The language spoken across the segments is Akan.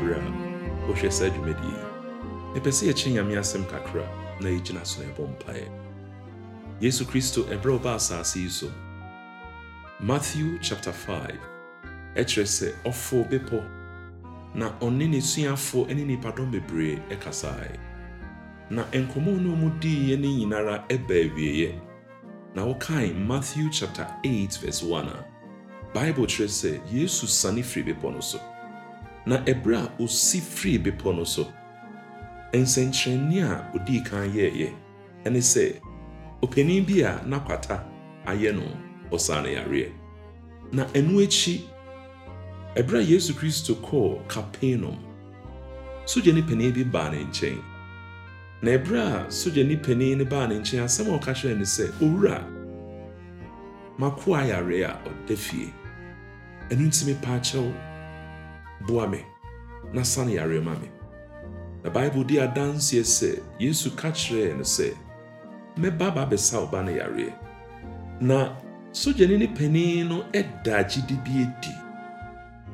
berɛ a wohwɛ saa dwumadi yi ɛpɛ sɛ yɛkyerɛ nyame asɛm kakra na yɛgyina so na ɛbɔ mpaeɛ yesu kristo ɛberɛ ɔba asase yi so matthew chapter 5 ɛkyerɛ sɛ ɔfoo bepɔ na ɔne ne suafoɔ ne nipadɔm bebree ɛkasae na nkɔmmɔ no mu diiɛ ne nyinara ɛba awieeɛ na wokae matthew chapter 8 verse 1 a bible kyerɛ sɛ yesu sane firi bepɔ no so na ebere a ɔsi firii bepɔ no so nsɛnkyerɛnne a odii kan yɛeɛ ɛne sɛ ɔpanin bi a n'akwata ayɛ no ɔsaa no yareɛ na ɛno akyi ɛberɛ a yesu kristo kɔɔ kapernaum sogyani panin bi baa ne nkyɛn na ɛberɛ a sogyani panin no baa ne nkyɛn asɛm a ɔka kyerɛɛ no sɛ owura makoa yareɛ a ɔda fie ɛno nti mepaakyɛw boa me na sane yare ma me na bible di adanseɛ sɛ yesu ka kyerɛɛ no sɛ mɛba ba abɛsa wo ba no yareɛ na sogyani ne panin no ɛda gyidi bi adi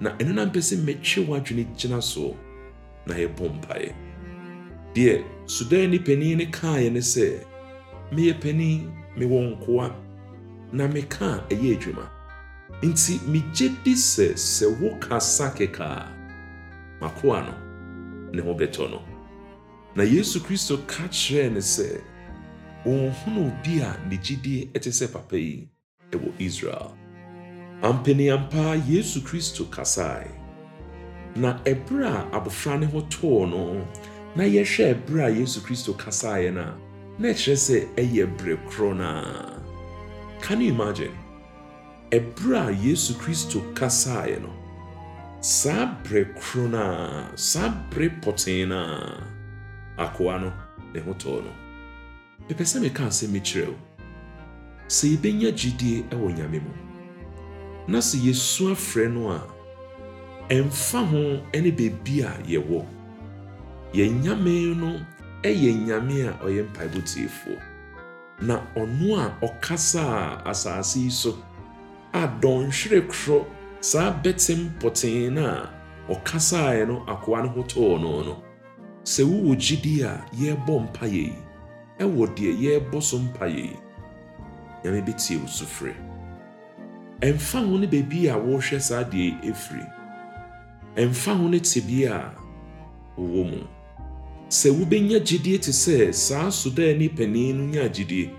na ɛno na mpɛ sɛ mɛtwe w'adwene gyina soɔ na yɛbɔ mpaeɛ deɛ sudan ne panin no kaeɛ ne sɛ meyɛ panin mewɔ nkoa na meka a ɛyɛ adwuma nti megye di sɛ sɛ wokasa keka a makoa no ne ho bɛtɔ no na yesu kristo ka kyerɛɛ ne sɛ wɔnhunu obi a ne gyidie ɛte sɛ papa yi ɛwɔ israel ampaniampa yesu kristo kasae na ɛberɛ a abɔfra ne ho too no na yɛhwɛ ɛberɛ a yesu kristo kasaeɛ no a na ɛkyerɛ sɛ ɛyɛ berɛ korɔ no a can you imagine ɛberɛ a yesu kristo kasaeɛ no saa berɛ koro no a saa berɛ pɔtee no a akoa no ne ho tɔɔ no mepɛ sɛ meka asɛm mi kyerɛ wo sɛ yɛbɛnya gyidie ɛwɔ nyame mu na sɛ yɛsu afrɛ no a ɛmfa ho ne beebi a yɛwɔ yɛn no ɛyɛ nyame a ɔyɛ mpaebɔ na ɔno a ɔkasa a asase yi so a dɔnhwere korɔ saa bɛtem pɔtee no a ɔkasaeɛ no akoa no ho too no no sɛ wowɔ gyidi a yɛrebɔ mpa yei ɛwɔ deɛ yɛrebɔ so mpa yei nyame bɛtie wo sufrɛ ɛmfa ho ne baabi a wɔrehwɛ saa deɛ ɛfiri ɛmfa ho ne tebea a wowɔ mu sɛ wobɛnya gyidie te sɛ saa sodaani panin no nya gyidie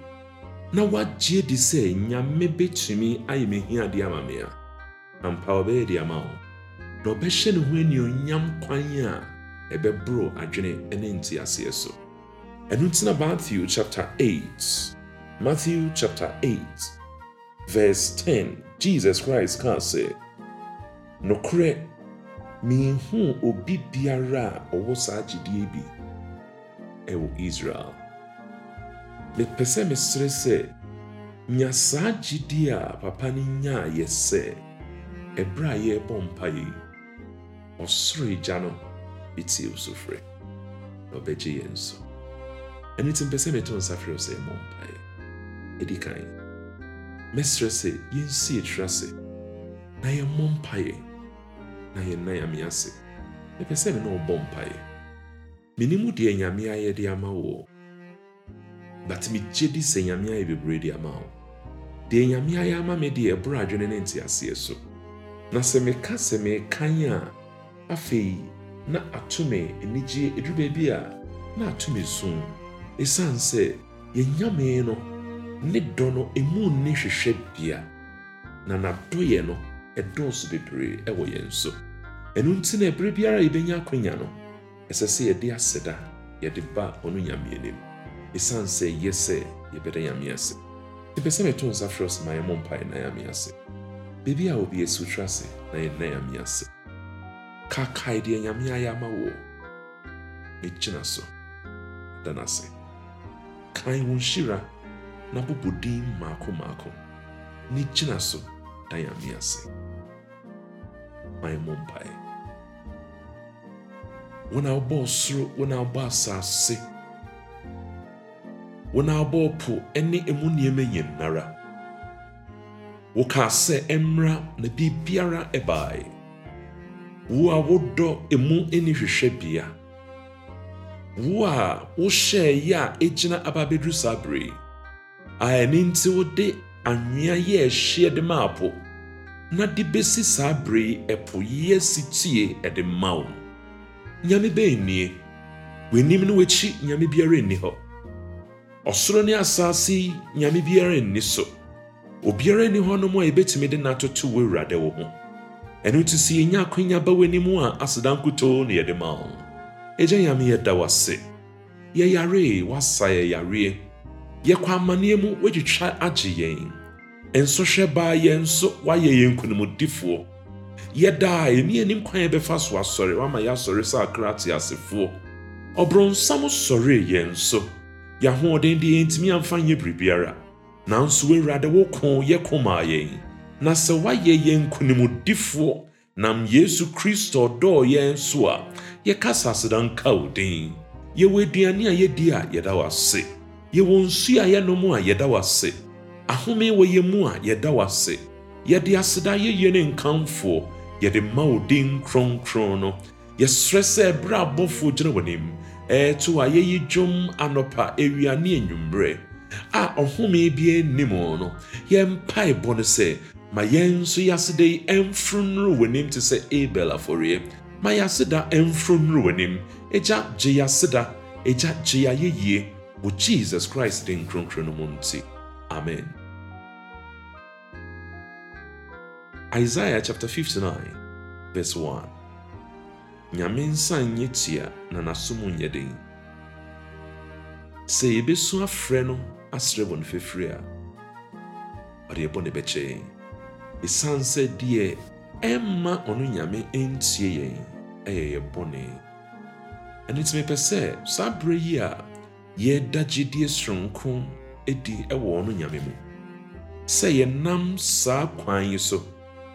na woagye di sɛ nyame bɛtumi ayɛ mehia de ama me a ampa ɔbɛyɛ de ama wo na ɔbɛhyɛ ne ho anionyam kwan a ɛbɛboro adwene ne nteaseɛ so ɛno nti na matthew chapter 8 matthew chapter 8 verse 10 jesus christ kaa sɛ nokorɛ menhu obi biara a ɔwɔ saa gyidie bi ɛwɔ israel mepɛ sɛ mesrɛ sɛ nya saa gyidie a papa no nyaayɛ sɛ ɛberɛ a yɛrebɔ mpa yi ɔsoro gya no ɛtie wo so frɛ na ɔbɛgye yɛn so ɛno nti mpɛ sɛ meto nsa frɛ wo sɛ mmɔ mpaeɛ ɛdi kan mɛsrɛ sɛ yɛnsi ɛtwira se na yɛmmɔ mpaeɛ na yɛnna nyame ase mepɛ sɛ me ne ɔbɔ mpaeɛ menim deɛ nyame ayɛ ama wɔ na tumi gye di sɛ nyame ayɛ bebree de ama wo deɛ nyame ayɛ ama me deɛ ɛborɔ adwene ne nteaseɛ so na sɛ meka sɛ mekan a afei na atome anigye ɛduru baabi a na atome sum ɛsiane sɛ yɛnyame no ne dɔ no ɛmu nne hwehwɛ bea na n'adɔyɛ no ɛdɔɔso bebree ɛwɔ yɛn so ɛno nti na ɛberɛ biara yɛbɛnya akwanya no ɛsɛ sɛ yɛde aseda yɛde ba ɔno nyame anim ɛsiane sɛ yɛ sɛ yɛbɛda nyame ase nti pɛ sɛ meto nsa frɛ sɛ ma yɛmmɔ mpaeɛ na yɛame ase baabi a obi asutwa ase na yɛna yɛame ase kakae deɛ nyame ayɛ ama wo megyina so da no ase kan wo nhyira na bobɔ din maako maako ne gyina so da yɛame ase ma yɛmmɔ mpae wɔn a wɔbɔ ɔsoro wɔn asase wɔn po ne emu nneɛma nyinara wɔkaa sɛ mmra na biribiara bae wo a wodɔ emu ne hwehwɛbea wo a wohyɛeɛ a ɛgyina aba bɛduru saa bere a ɛne nti wode anwea yɛ ɛhyeɛ de maa po na de besi saa bere ɛpo yɛ sitie ɛde ma wo nyame bɛɛ nie w'anim ne w'akyi nyame biara nni hɔ ɔsoro ne asase yi nyame biara nni so obiara nni hɔnom a yɛbɛtumi de n'atoto wɔ awurade wo ho ɛno nti sɛ yɛnya akwanya ba w'anim a aseda nkutoo ne yɛde ma wo ɛgya nyame yɛda w'ase yɛyaree wasa yɛyareɛ yɛkɔ amanneɛ mu woatwitwa agye yɛn ɛnsohwɛ baa yɛn nso woayɛ yɛn nkonimdifoɔ yɛdaa ɛni anim kwan yɛbɛfa so asɔre woama yɛasɔre sɛ akrate asefoɔ ɔborɔnsam sɔree yɛn nso. yɛahoɔden deɛ yɛntumi amfa nyɛ biribiara nanso awurade wo ko yɛ komaa yɛn na sɛ woayɛ yɛn nkonimdifoɔ nam yesu kristo dɔɔ yɛn so a yɛka saseda nka wo din yɛwɔ aduane a yɛdi a yɛda w ase yɛwɔ nsu a yɛnom a yɛda w ase ahome wɔ yɛ mu a yɛda w ase yɛde aseda yɛyɛ ne nkamfoɔ yɛde ma wo din kronkron no yɛsrɛ sɛ ɛberɛ abɔfoɔ gyina w'anim ɛɛto ayɛ yi dwom anɔpa ewia ne enwummerɛ a ɔhome biara nnim no yɛmpae bɔ no sɛ ma yɛn nso yɛaseda yi ɛmfronoro w'anim te sɛ abel afɔreɛ ma yɛaseda ɛmfronoro w'anim agya gye yɛaseda agya gye yɛayɛyie wɔ jesus christ din kronkron no mu nti amen isaiah chapter 59 verse 1 nyame nsa nye tua na n'asom nyɛ den sɛ yɛbɛsu afrɛ no asrɛ bɔ no fɛfiri a ɔde ne bɛkyɛ sɛ deɛ ɛmma ɔno nyame ntie yɛn ɛyɛ yɛ bɔne ɛno mepɛ sɛ saa berɛ yi a yɛda gyedie soronko di ɔno nyame mu sɛ yɛnam saa kwan yi so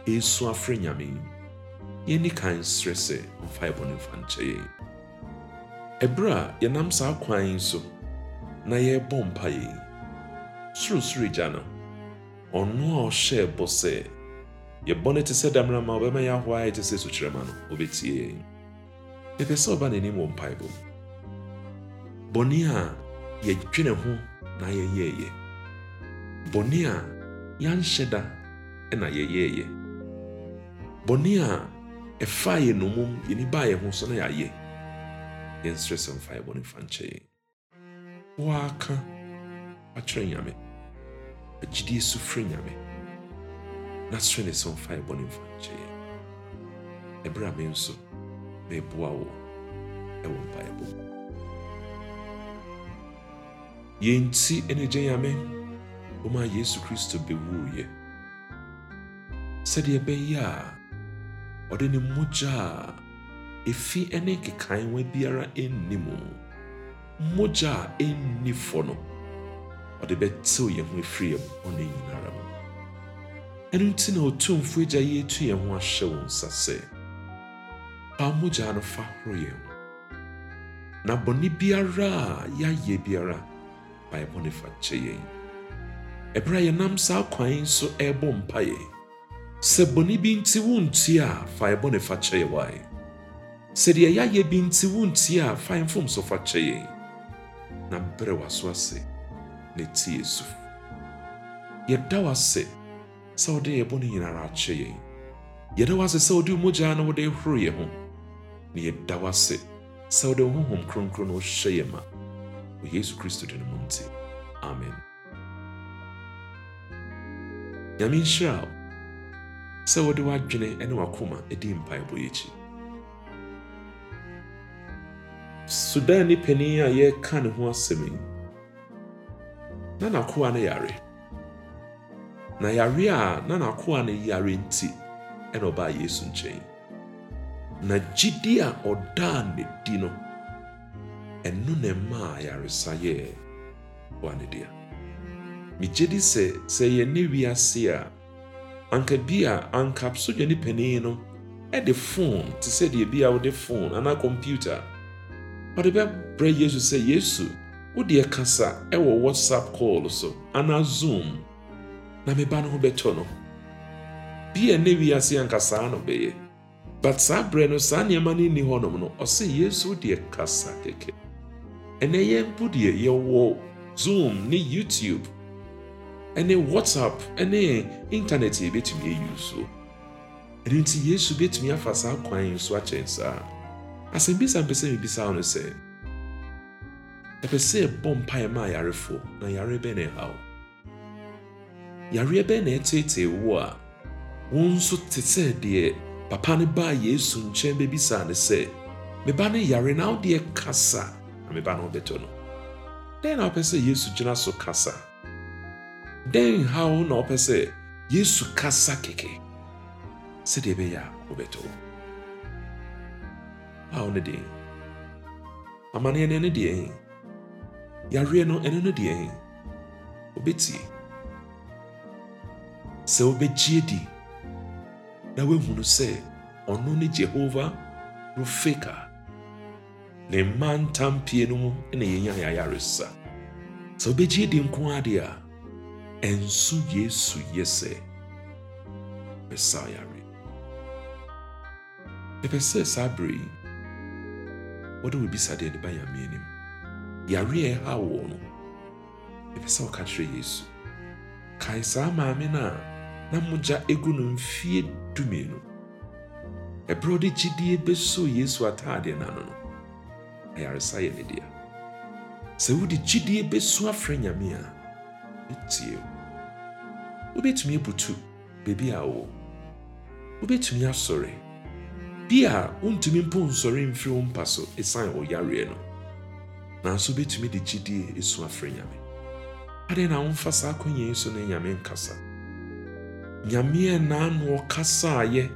ɛsu afrɛ nyame yi yɛn ani kan serɛ sɛ mfaebɔ no mfa nkyɛ yɛn ɛberɛ a yɛnam saa kwan yi so na yɛrebɔ mpa yɛn sorosoro gya no ɔno a ɔhyɛɛ bɔ sɛ yɛbɔ no te sɛ damena ma ɔbɛma yɛ ahoa yɛ te sɛ sukyerɛma no ɔbɛtie yɛn ɛpɛ sɛ ɔba n'anim wɔ mpaebɔ mu bɔne a yɛdwene ho na yɛyɛɛyɛ bɔne a yɛanhyɛ da ɛna yɛyɛɛyɛ bɔne a ɛfa yɛ no mom yɛni baa yɛ ho so na yɛayɛ yɛnsrɛ sɛ mfa yɛbɔ no fa nkyɛ yɛn woaka akyerɛ nyame agyidie so frɛ nyame na srɛ ne sɛ mfa yɛbɔ no mfa nkyɛ yɛn ɛberɛ a me nso meboa wo ɛwɔ mpaeɛbɔ yɛnti ɛne gye nyame wɔma yesu kristo bewuo yɛ sɛdeɛ ɛbɛyɛ a ɔde ne mogya a efi ne nkekaewa biara nni mu mogya a ɛnni fɔ no ɔde bɛtew yɛn ho afiri yɛn mu ɛno nti na ɔtumfo agya yi atu yɛn ho ahyɛ wo nsa sɛ paa mogya no fa horo yɛn na bɔne biara a yɛayɛ biara baebɔ ne fa kyɛ yɛn ɛberɛ a yɛnam saa kwan so ɛrebɔ Se bɔne bi nti wontie a fa yɛbɔ ne fa kyɛ yɛ wae sɛ deɛ yɛayɛ bi nti wontie a fa yɛmfom so fa kyɛ yɛn na brɛ w'aso ase na ti yesu yɛda w'ase sɛ wode yɛ bɔne nyinara akyɛ yɛn yɛda w'ase sɛ wode mogyaa na wode horo yɛ ho na yɛda w'ase sɛ wode wo honhom kronkron na wohyɛ yɛ ma wɔ yesu kristo de no amen nyame nhyira sɛ wode w'adwene ne w'akoma di mpaebɔ yi akyi sudan ne panin a yɛreka ne ho asɛm yi na n'akoa no yare na yare a na n'akoa no yare nti ɛna ɔbaa yesu nkyɛn na gyidi a ɔdaa n'adi no ɛno na ɛmaa yaresa yɛɛ boa ne dea megye di sɛ sɛ yɛne wiase a anka bi a anka sogyani panyin no de phone te sɛ deɛ bi a wode phone anaa computer ɔde bɛbrɛ yesu sɛ yesu wodeɛ kasa wɔ whatsapp call so anaa zoom na meba no ho bɛtɔ no bi a ne wiase anka saa no bɛyɛ but saa berɛ no saa nneɛma no nni hɔnom no ɔsɛ yesu wodeɛ kasa keke ɛnɛ yɛn bo deɛ yɛwɔ zoom ne youtube ɛne whatsapp ɛne internet yɛ bɛtumi ayi so ɛno nti yesu bɛtumi afa saa kwan yi so akyɛn saa sa mpɛ mi mebisa wo no sɛ ɛpɛ sɛ ɛbɔ mpaeɛ ma ayarefoɔ na yare bɛn na ɛhaw yareɛ bɛn na ɛteetee wo a wo nso te sɛ deɛ papa no baa yesu nkyɛn bɛbisaa ne sɛ meba no yare na wodeɛ kasa na meba no wobɛtɔ no dɛn na wopɛ sɛ yesu gyina so kasa den haw na ɔpɛ sɛ yesu kasa keke si ɛbɛyɛ a wobɛtɔ haw no deɛ amanneɛ no ɛne deɛ yareɛ no dị, no deɛ wobɛtie sɛ wobɛgyie di na woahunu sɛ ɔno ne jehova no feka ne mma ntampie no mu na yɛnya yɛayaresa sɛ wobɛgyie di nko adeɛ a ɛnso yesu yɛ sɛ bɛsa yare mepɛ sɛ saa berɛ yi wɔde wɔbisadeɛ de ba yame anim yare a ɛha wɔ no mepɛ sɛ wɔka kyerɛ yesu kae saa maame no a na mogya ɛgu no mfie dumienu ɛberɛ ɔde gyidie bɛsoo yesu ataadeɛ n'ano no ayaresa yɛ ne dea sɛ wode gyidie bɛsu afrɛ nyame a ɛtie wobɛtumi butu beebi a wowɔ wobɛtumi asɔre bi a wontumi mpo nsɔre mfiri wo mpa so ɛsiane ɔyareɛ no nanso wobɛtumi de gyidie ɛsu afrɛ nyame adɛn na womfa saa akɔnya yi so ne nyame nkasa nyameɛ naano ɔkasaayɛ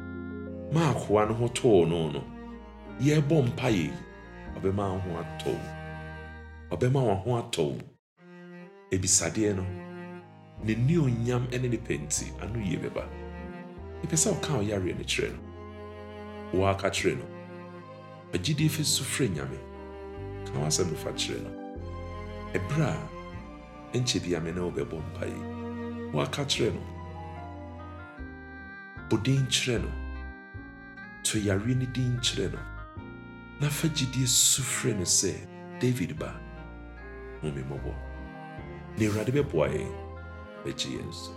ma akoa no ho too no no yɛrebɔ mpa yi ɔbɛma wo ho atɔ wo ɔbɛma wo ho atɔ wo ebisadeɛ no n'ani onyam ne nipa nti ano yie bɛba epɛ sɛ ɔka ɔyareɛ no kyerɛ no wɔaka kyerɛ no agyidie fɛ so nyame ka w'asɛm no fa kyerɛ no ɛberɛ a ɛnkyɛ bia me ne wobɛbɔ mpae wɔaka kyerɛ no bɔden kyerɛ no to yareɛ no din kyerɛ no na fa gyidie su no sɛ david ba hu me mmɔbɔ na awurade bɛboa yɛn isso. Beziense.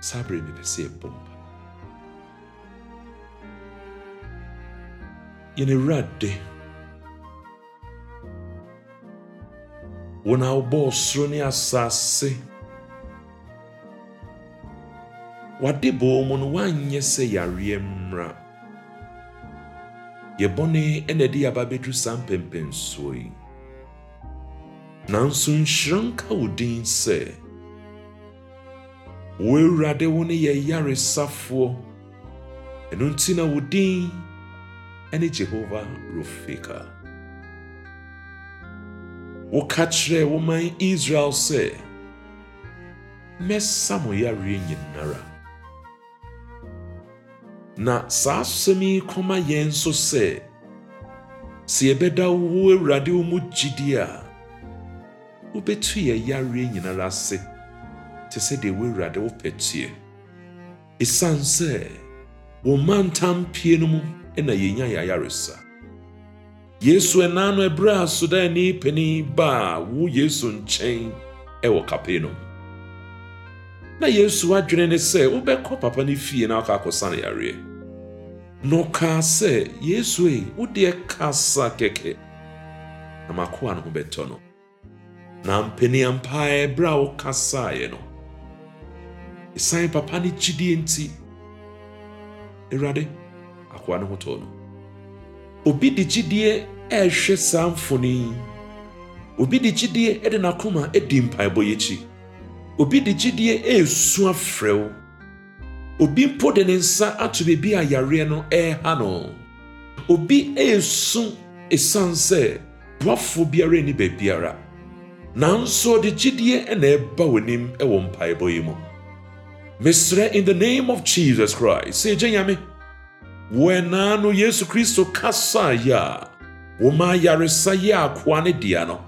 Sabri nipesie bomba yɛn awurade wɔn a wɔbɔɔ soro ne asase wade bɔɔ mu no woanyɛ se yareɛ mmra yɛ bɔne na ɛde yɛaba bɛduru saa mpɛmpɛnsoɔ yi nanso nhyira nka wo din sɛ wo awurade wo ne yɛ yaresafoɔ ɛno nti na wo din ne jehova rofeka woka kyerɛ woman israel sɛ mɛsa mo yareɛ nyinara na saa asɛm yi kɔma yɛn nso sɛ sɛ yɛbɛda wo awurade wo mu a wobɛtu yɛ yareɛ nyinara ase te sɛ deɛ wo awurade wo pɛtue ɛsiane sɛ wo mantam pie no mu na yɛnya yɛ yesu ɛnaa no ɛberɛ a baa wo yesu nkyɛn ɛwɔ na yesu adwene ne sɛ wobɛkɔ papa no fie na wakɔ na ɔkaa sɛ yesu ei wodeɛ kasa keke na makoa no ho bɛtɔ no na mpani ampaa ɛberɛ a wokasaeɛ no ɛsiane papa no gyidie nti awurade akoa no ho tɔɔ no obi de gyidie ɛrehwɛ saa mfoni yi obi de gyidie de n'akoma di mpaebɔ yɛkyi obi de gyidie ɛresu afrɛ wo obi mpo de ne nsa ato baabi a yareɛ no ɛreha no obi ɛresu ɛsiane sɛ boafoɔ biara ni baabiara nanso ɔde gyidie na ɛba w'anim wɔ mpaebɔ yi mu mesrɛ in the name of jesus christ sɛ gye nyame wɔɛnaa no yesu kristo kasaa yi a wɔma ayaresa yɛ akoa ne dea no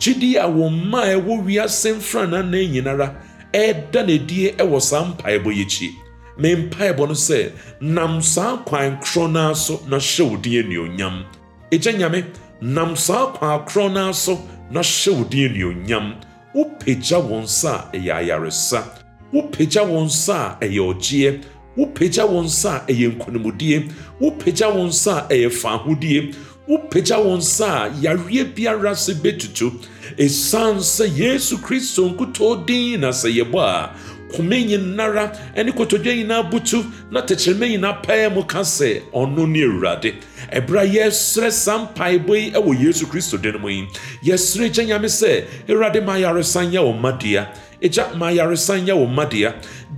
gyidie a wɔma a ɛwɔ wiase mfranaa nyinara ɛreda n'adie wɔ saa mpaebɔ yi akyi me mpaebɔ no sɛ nam saa kwan korɔ no so na hyɛ wo din anuonyam ɛgya nyame nam saa kwan korɔ no so na hyɛ wo din anuonyam wopagya wɔn nsa a ɛyɛ ayaresa wopagya wɔn nsa a ɛyɛ ɔgyeɛ wopagya wɔn nsa a ɛyɛ nkonimdie wopagya wɔn nsa a ɛyɛ faahodie wopagya wɔn nsa a yareɛ biara se bɛtutu ɛsiane sɛ yesu kristo nkutoo din na sɛ yɛbɔ a kome nyinara ne kotodwe nyinaa butu na tekyerɛma nyinaa pɛɛ mu ka sɛ ɔno ne awurade ɛberɛ a yɛsrɛ saa mpaebɔ yi wɔ yesu kristo den mu yi yɛsrɛ gya nyame sɛ awurade ma ayaresan yɛ wɔ ma dua ma ayaresan yɛ wɔ ma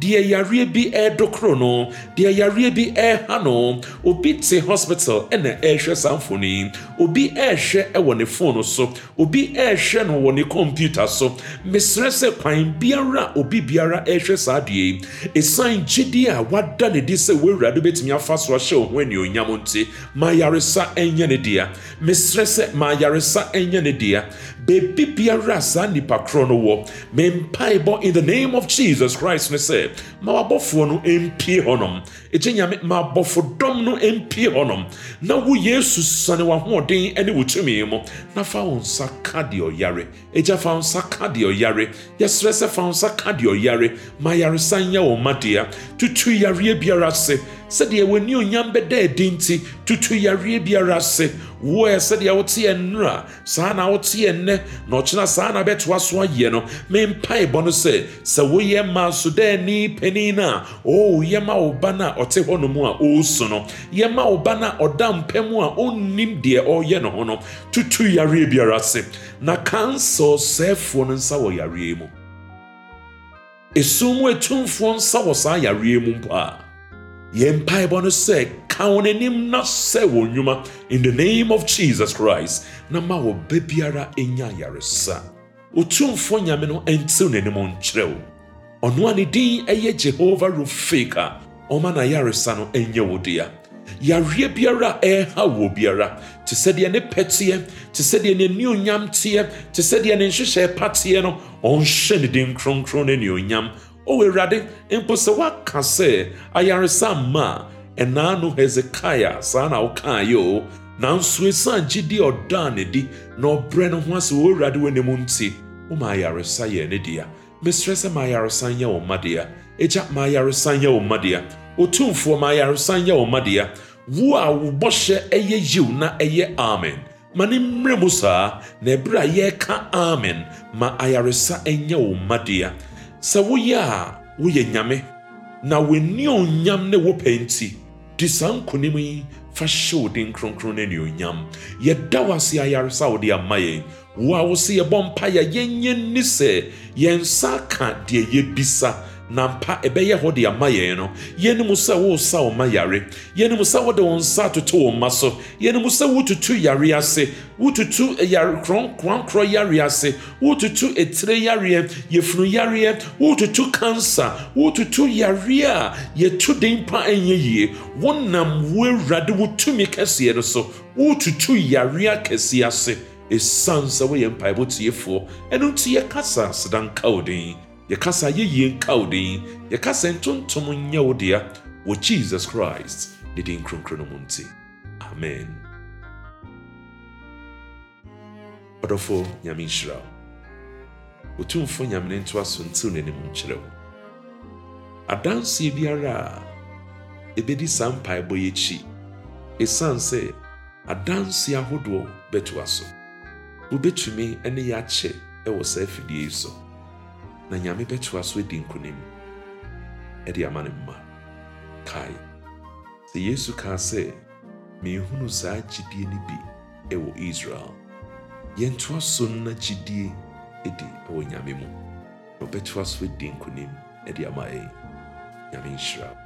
deɛ yareɛ bi ɛredo koro no deɛ yareɛ bi ɛreha no obi te hospital ɛna ɛrehwɛ saa mfoni obi ɛrehwɛ ɛwɔ ne phone so obi ɛrehwɛ no wɔ ne computer so mesrɛ sɛ kwan biara obi biara ɛrehwɛ saa deɛ yi esan gyidie a wada ne di sɛ wɔawurade bɛtumi afa so ahyɛ wo ho anuonyam nti ma ayaresa ɛnyɛ ne dea mesrɛ sɛ ma ayaresa ɛnyɛ ne dea baabi biara saa nnipa korɔ no wɔ mempaebɔ in the name of jesus christ ne sɛ ma wabɔfoɔ no mpie hɔnom ɛgye nyame ma abɔfodɔm no mpie hɔnom na wo yesu sane w'ahoɔden ne wo tumi mu na fa wo nsa ka deɛ ɔyare ɛgya fa wo nsa ka deɛ ɔyare yɛserɛ sɛ fa wo nsa ka deɛ ɔyare ma yaresa nyɛ wɔ ma dea tutu yareɛ biara ase sɛdeɛ w'ani onyam bɛda adi nti tutu yari biara ase woɛ sɛdeɛ wote ɛnnera saa na wote ɛnnɛ na ɔkyena saa na bɛtoa so ayɛ no mempaebɔ no sɛ sɛ woyɛ ma so a wo ba a ɔte hɔ no mu a no yɛma wo ba no a ɔda mpa mu a ɔnnim deɛ ɔreyɛ ne ho no tutu yareɛ ase na kansel sɛefoɔ no nsa wɔ yareɛ mu ɛsum mu nsa wɔ saa yareɛ mu yɛn mpaebɔ no sɛ ka wo n'anim na sɛ wɔ nnwuma in the name of jesus christ na ma wɔ ba biara ɛnya ayaresa otumfoɔ nyame no ɛntew n'anim nkyerɛ wo ɔno a ne din ɛyɛ jehova rofek a ɔma n'ayaresa no ɛnyɛ wo dea yareɛ biara ɛɛha wɔ biara te sɛdeɛ ne pɛ teɛ te sɛdeɛ ne anuonyam teɛ te sɛdeɛ ne nhyehyɛ pa no ɔnhyɛ ne din kronkron ne anuonyam o awurade mpo sɛ woaka sɛ ayaresa mma a ɛnaa no hesekia saa na wokaeɛ o nanso ɛsiane gyidi ɔdaa ne di na ɔbrɛ ne ho ase wɔ awurade w'anim nti woma ayaresa yɛ ne dea mesrɛ sɛ ma ayaresan nyɛ wo mma dea agya ma ayaresan nyɛ wo mma dea ɔtumfoɔ ma ayaresan nyɛ wo mma dea wo a wo bɔhyɛ ɛyɛ yiw na ɛyɛ amen ma ne mmerɛ mu saa na ɛberɛ a yɛreka amen ma ayaresa ɛnyɛ wo mma sɛ woyɛ a woyɛ nyame na w'ani onyam ne wopɛ nti de saa nkonim yi fa hyɛ wo den kronkron no anuonyam yɛda wo ase ayaresa wode ama yɛn wo a wo se yɛbɔ mpa yɛ yɛnyɛ ni sɛ yɛnsa ka deɛ yɛbisa na mpa ɛbɛyɛ hɔ de ama yɛn no yɛnim sɛ woresa wo ma yare yɛnim sɛ wode wo nsa atoto wo mma so yɛnim sɛ wotutu yare ase wotutu e krankorɔ yare ase wotutu etire yareɛ yɛfunu yareɛ wotutu kansa wotutu yareɛ a yɛtu den pa ɛnyɛ yie wonam wo awurade wo tumi kɛseɛ no so wotutu yareɛ kɛseɛ ase ɛsiane sɛ woyɛ mpaebɔ ɛno nti yɛkasa sedanka wo den yɛkasa yɛyie nka wo din yɛkasa ntontom nyɛ wo dea wɔ jesus christ ne din kronkron no mu nti amen ɔdɔfo nyame nhyira wo ɔtumfo nyame ne ntoa so ntew n'anim nkyerɛ wo adanseɛ biara a ɛbɛdi saa mpaebɔ yi akyi ɛsiane sɛ adanseɛ ahodoɔ bɛtoa so wobɛtumi ne yɛakyɛ ɛwɔ saa afidie yi so na nyame bɛtoa so adi nkonim ɛde ama ne mma kae sɛ yesu kaa sɛ menhunu saa gyidie no bi ɛwɔ israel yɛntoa so no na gyidie ɛdi ɛwɔ nyame mu na ɔbɛtoa so adi nkonim ɛde ama ɛ nyame nhyira